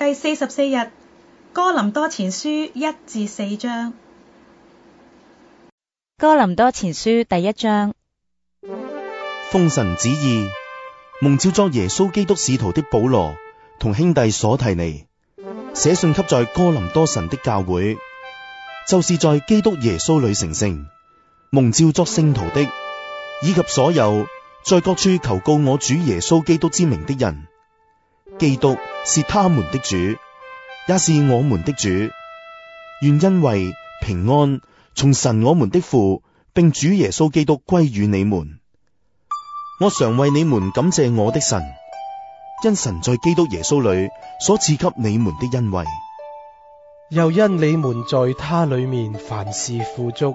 第四十四日，哥林多前書一至四章。哥林多前書第一章。奉神旨意，蒙召作耶穌基督使徒的保羅，同兄弟所提尼，寫信給在哥林多神的教會，就是在基督耶穌裏成聖，蒙召作聖徒的，以及所有在各處求告我主耶穌基督之名的人。基督是他們的主，也是我們的主。願因為平安從神我們的父，並主耶穌基督歸於你們。我常為你們感謝我的神，因神在基督耶穌裏所賜給你們的恩惠，又因你們在他裏面凡事富足，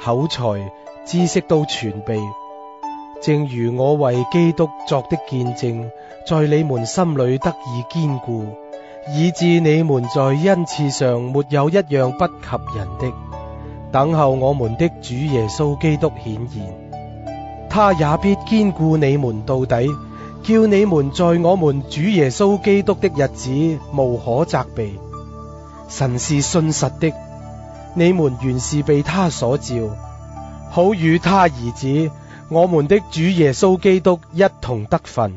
口才、知識都全備。正如我為基督作的見證，在你們心裏得以堅固，以致你們在恩賜上沒有一樣不及人的。等候我們的主耶穌基督顯現，他也必堅固你們到底，叫你們在我們主耶穌基督的日子無可責備。神是信實的，你們原是被他所召，好與他兒子。我們的主耶穌基督一同得份，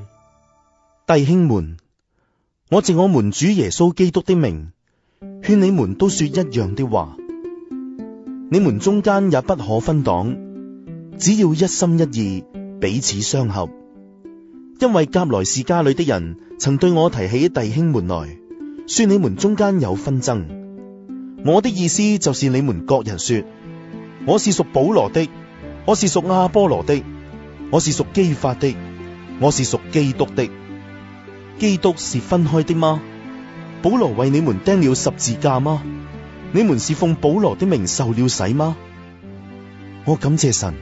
弟兄們，我借我們主耶穌基督的名，勸你們都說一樣的話，你們中間也不可分黨，只要一心一意，彼此相合。因為甲來士家裡的人，曾對我提起弟兄們來，說你們中間有紛爭。我的意思就是你們各人說，我是屬保羅的。我是屬阿波羅的，我是屬基法的，我是屬基督的。基督是分開的嗎？保羅為你們釘了十字架嗎？你們是奉保羅的名受了洗嗎？我感謝神，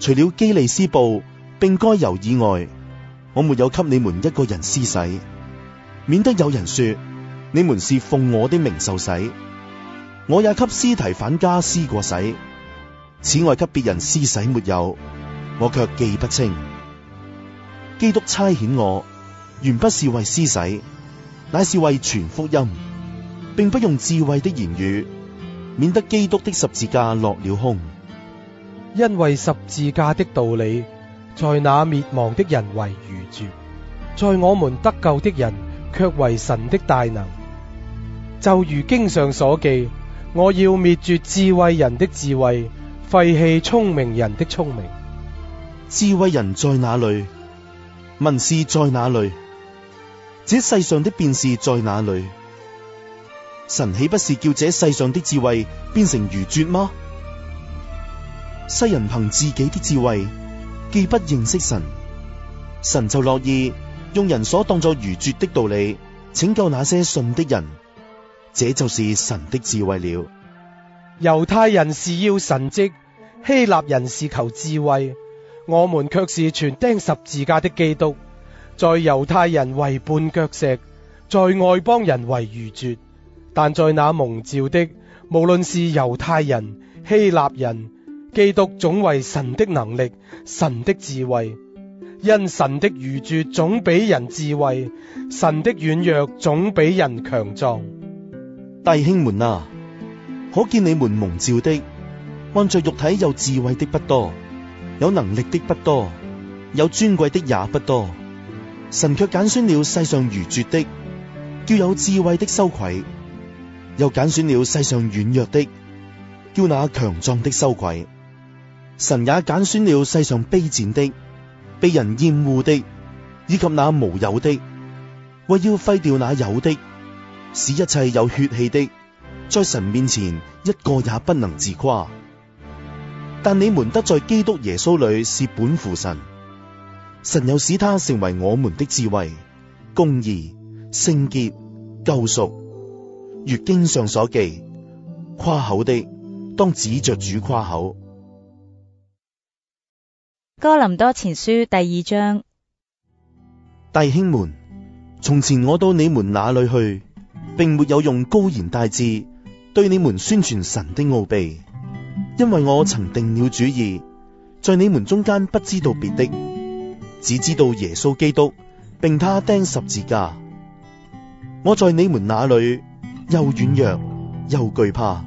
除了基利斯布並該猶以外，我沒有給你們一個人施洗，免得有人說你們是奉我的名受洗。我也給斯提反家施過洗。此外，給別人施洗沒有，我卻記不清。基督差遣我，原不是為施洗，乃是為傳福音，並不用智慧的言語，免得基督的十字架落了空。因為十字架的道理，在那滅亡的人為愚拙，在我們得救的人卻為神的大能。就如經上所記：我要滅絕智慧人的智慧。廢棄聰明人的聰明，智慧人在哪裏？文士在哪裏？這世上的辯士在哪裏？神豈不是叫這世上的智慧變成愚拙嗎？世人憑自己的智慧，既不認識神，神就樂意用人所當作愚拙的道理拯救那些信的人，這就是神的智慧了。猶太人是要神蹟，希臘人是求智慧，我們卻是傳釘十字架的基督。在猶太人為絆腳石，在外邦人為愚拙，但在那蒙召的，無論是猶太人、希臘人，基督總為神的能力、神的智慧。因神的愚拙總比人智慧，神的軟弱總比人強壯。弟兄們啊！可見你們蒙召的，按着肉體有智慧的不多，有能力的不多，有尊貴的也不多。神卻揀選了世上愚拙的，叫有智慧的羞愧；又揀選了世上軟弱的，叫那強壯的羞愧。神也揀選了世上卑賤的、被人厭惡的，以及那無有的，為要廢掉那有的，使一切有血氣的。在神面前，一個也不能自誇。但你們得在基督耶穌裏是本乎神，神又使他成為我們的智慧、公義、聖潔、救贖。如經上所記：誇口的，當指着主誇口。哥林多前書第二章，弟兄們，從前我到你們那裏去，并沒有用高言大智。對你們宣傳神的奧秘，因為我曾定了主意，在你們中間不知道別的，只知道耶穌基督，並他釘十字架。我在你們那裏又軟弱又懼怕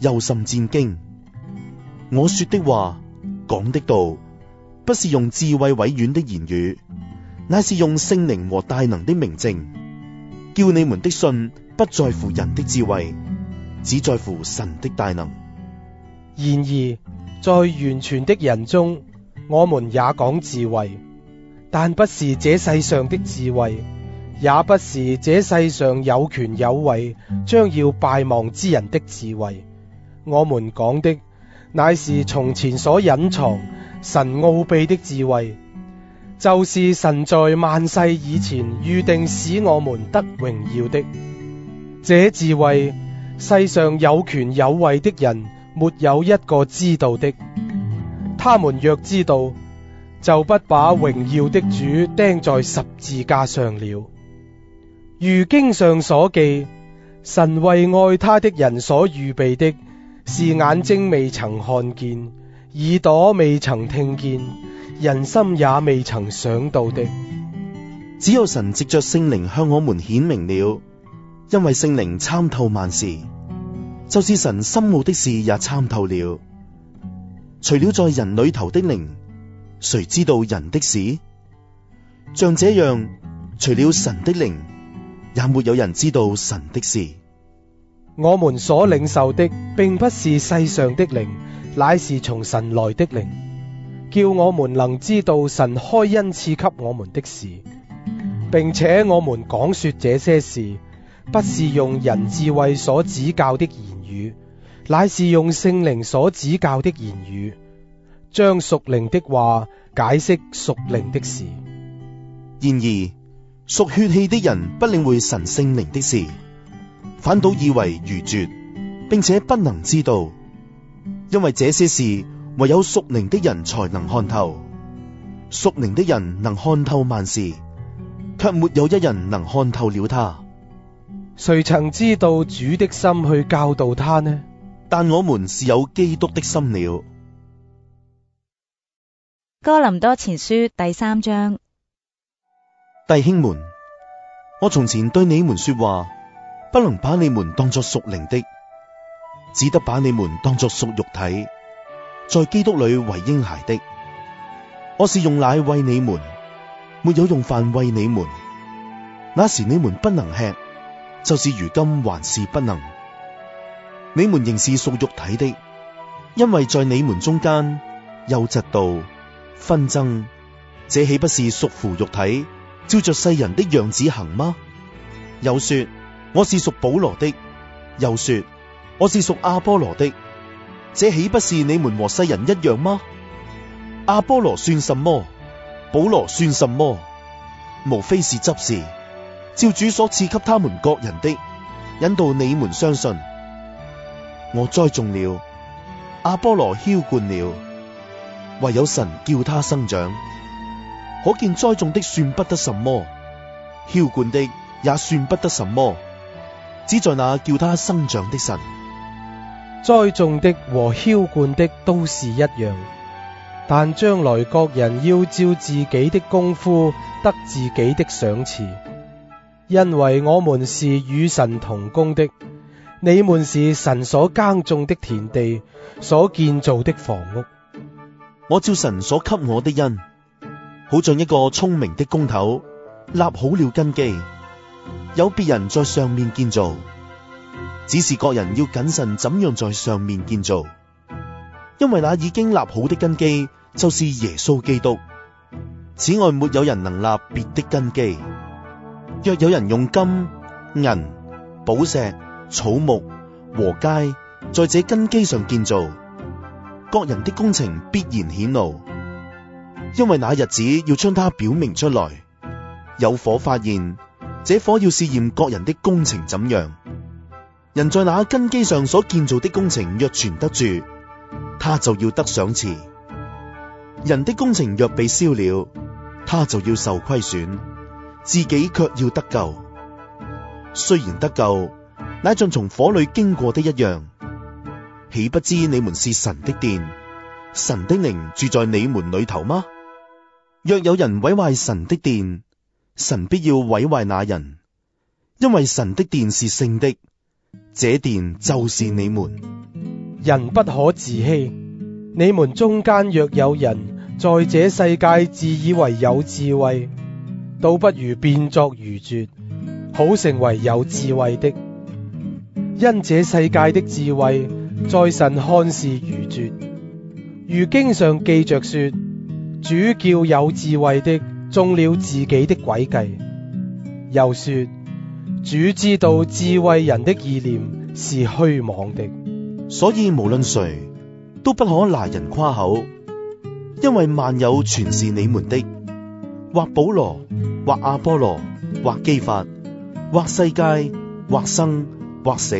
又甚戰驚。我說的話，講的道，不是用智慧委婉的言語，乃是用聖靈和大能的明證，叫你們的信不在乎人的智慧。只在乎神的大能。然而，在完全的人中，我們也講智慧，但不是這世上的智慧，也不是這世上有權有位將要敗亡之人的智慧。我們講的，乃是從前所隱藏、神奧秘的智慧，就是神在萬世以前預定使我們得榮耀的這智慧。世上有權有位的人，沒有一個知道的，他們若知道，就不把榮耀的主釘在十字架上了。如經上所記，神為愛他的人所預備的，是眼睛未曾看見，耳朵未曾聽見，人心也未曾想到的。只有神藉着聖靈向我們顯明了。因為聖靈參透萬事，就是神深奧的事也參透了。除了在人裏頭的靈，誰知道人的事？像這樣，除了神的靈，也沒有人知道神的事。我們所領受的，並不是世上的靈，乃是從神來的靈，叫我們能知道神開恩賜給我們的事，並且我們講說這些事。不是用人智慧所指教的言語，乃是用聖靈所指教的言語，將屬靈的話解釋屬靈的事。然而屬血氣的人不領會神聖靈的事，反倒以為愚拙，並且不能知道，因為這些事唯有屬靈的人才能看透。屬靈的人能看透萬事，卻沒有一人能看透了他。誰曾知道主的心去教導他呢？但我們是有基督的心了。哥林多前書第三章，弟兄們，我從前對你們說話，不能把你們當作屬靈的，只得把你們當作屬肉體，在基督裏為嬰孩的。我是用奶餵你們，沒有用飯餵你們。那時你們不能吃。就是如今還是不能，你們仍是屬肉體的，因為在你們中間有嫉妒、紛爭，這豈不是屬乎肉體，照着世人的樣子行嗎？又說我是屬保羅的，又說我是屬阿波羅的，這豈不是你們和世人一樣嗎？阿波羅算什麼？保羅算什麼？無非是執事。照主所賜給他們各人的，引導你們相信。我栽種了，阿波羅澆灌了，唯有神叫他生長。可見栽種的算不得什麼，澆灌的也算不得什麼，只在那叫他生長的神。栽種的和澆灌的都是一樣，但將來各人要照自己的功夫得自己的賞賜。因為我們是與神同工的，你們是神所耕種的田地，所建造的房屋。我照神所給我的恩，好像一個聰明的工頭，立好了根基，有別人在上面建造，只是各人要謹慎怎樣在上面建造。因為那已經立好的根基就是耶穌基督，此外沒有人能立別的根基。若有人用金、銀、寶石、草木、禾稭，在這根基上建造，各人的工程必然顯露，因為那日子要將它表明出來。有火發現，這火要試驗各人的工程怎樣。人在那根基上所建造的工程若存得住，他就要得賞賜；人的工程若被燒了，他就要受虧損。自己卻要得救，雖然得救，乃像從火裏經過的一樣，豈不知你們是神的殿，神的靈住在你們裏頭嗎？若有人毀壞神的殿，神必要毀壞那人，因為神的殿是聖的，這殿就是你們。人不可自欺，你們中間若有人在這世界自以為有智慧，倒不如變作愚拙，好成為有智慧的。因這世界的智慧，在神看是愚拙。如經上記着說，主叫有智慧的中了自己的詭計。又說，主知道智慧人的意念是虛妄的。所以無論誰，都不可拿人誇口，因為萬有全是你們的。或保羅，或阿波羅，或基法，或世界，或生，或死，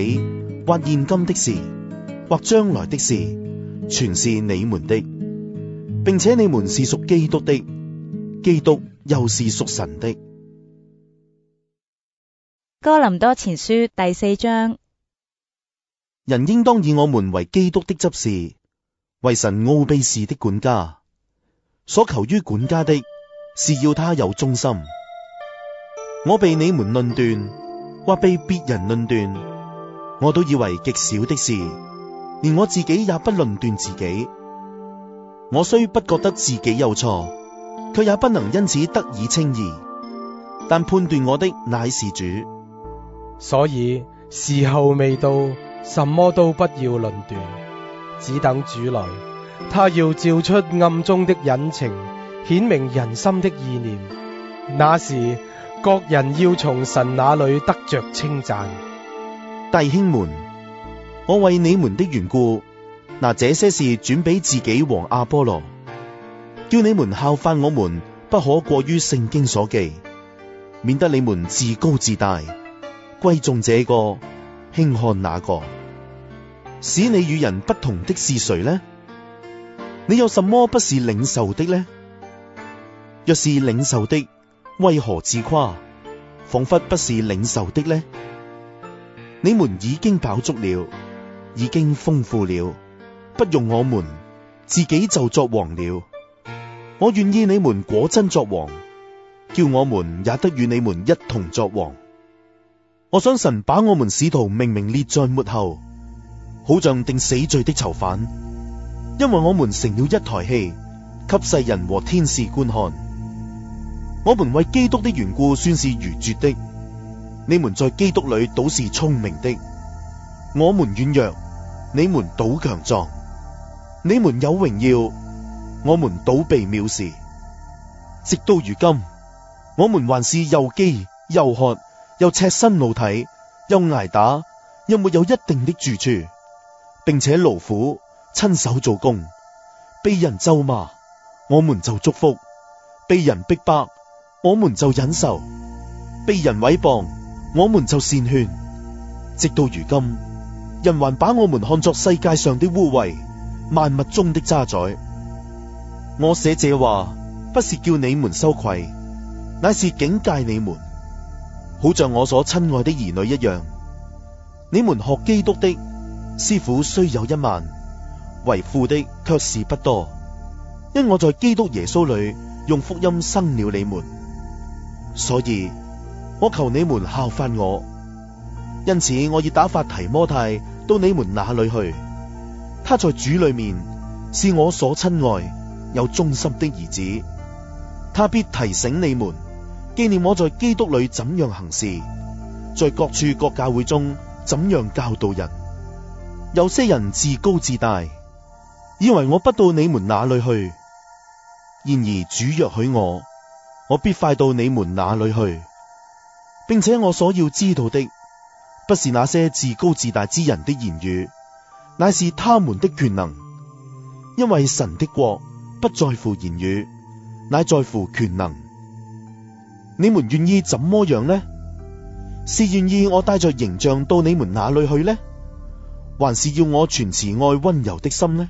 或現今的事，或將來的事，全是你們的，並且你們是屬基督的，基督又是屬神的。哥林多前書第四章，人應當以我們為基督的執事，為神奧祕事的管家，所求於管家的。是要他有忠心。我被你們論斷，或被別人論斷，我都以為極小的事，連我自己也不論斷自己。我雖不覺得自己有錯，卻也不能因此得以稱義。但判斷我的乃是主。所以時候未到，什麼都不要論斷，只等主來，他要照出暗中的隱情。顯明人心的意念，那時各人要從神那裏得着稱讚。弟兄們，我為你們的緣故，拿這些事轉俾自己和阿波羅，叫你們效法我們，不可過於聖經所記，免得你們自高自大，貴重這個，輕看那個。使你與人不同的是誰呢？你有什麼不是領受的呢？若是領受的，為何自誇，仿佛不是領受的呢？你們已經飽足了，已經豐富了，不用我們自己就作王了。我願意你們果真作王，叫我們也得與你們一同作王。我想神把我們使徒明明列在末後，好像定死罪的囚犯，因為我們成了一台戲，給世人和天使觀看。我們為基督的緣故算是愚拙的，你們在基督裏倒是聰明的。我們軟弱，你們倒強壯；你們有榮耀，我們倒被藐視。直到如今，我們還是又飢又渴，又渴，又赤身露體，又挨打，又沒有一定的住處，並且勞苦，親手做工，被人咒罵，我們就祝福；被人逼迫，我們就忍受，被人毀謗，我們就善勸，直到如今，人還把我們看作世界上的汙穢、萬物中的渣滓。我寫這話，不是叫你們羞愧，乃是警戒你們，好像我所親愛的兒女一樣。你們學基督的，師傅雖有一萬，為父的卻是不多，因我在基督耶穌裏用福音生了你們。所以我求你們效法我，因此我要打發提摩太到你們那裏去。他在主裏面是我所親愛、有忠心的兒子。他必提醒你們，紀念我在基督裏怎樣行事，在各處各教會中怎樣教導人。有些人自高自大，以為我不到你們那裏去。然而主若許我。我必快到你們那裏去，並且我所要知道的，不是那些自高自大之人的言語，乃是他們的權能，因為神的國不在乎言語，乃在乎權能。你們願意怎麼樣呢？是願意我帶着刑杖到你們那裏去呢，還是要我存慈愛溫柔的心呢？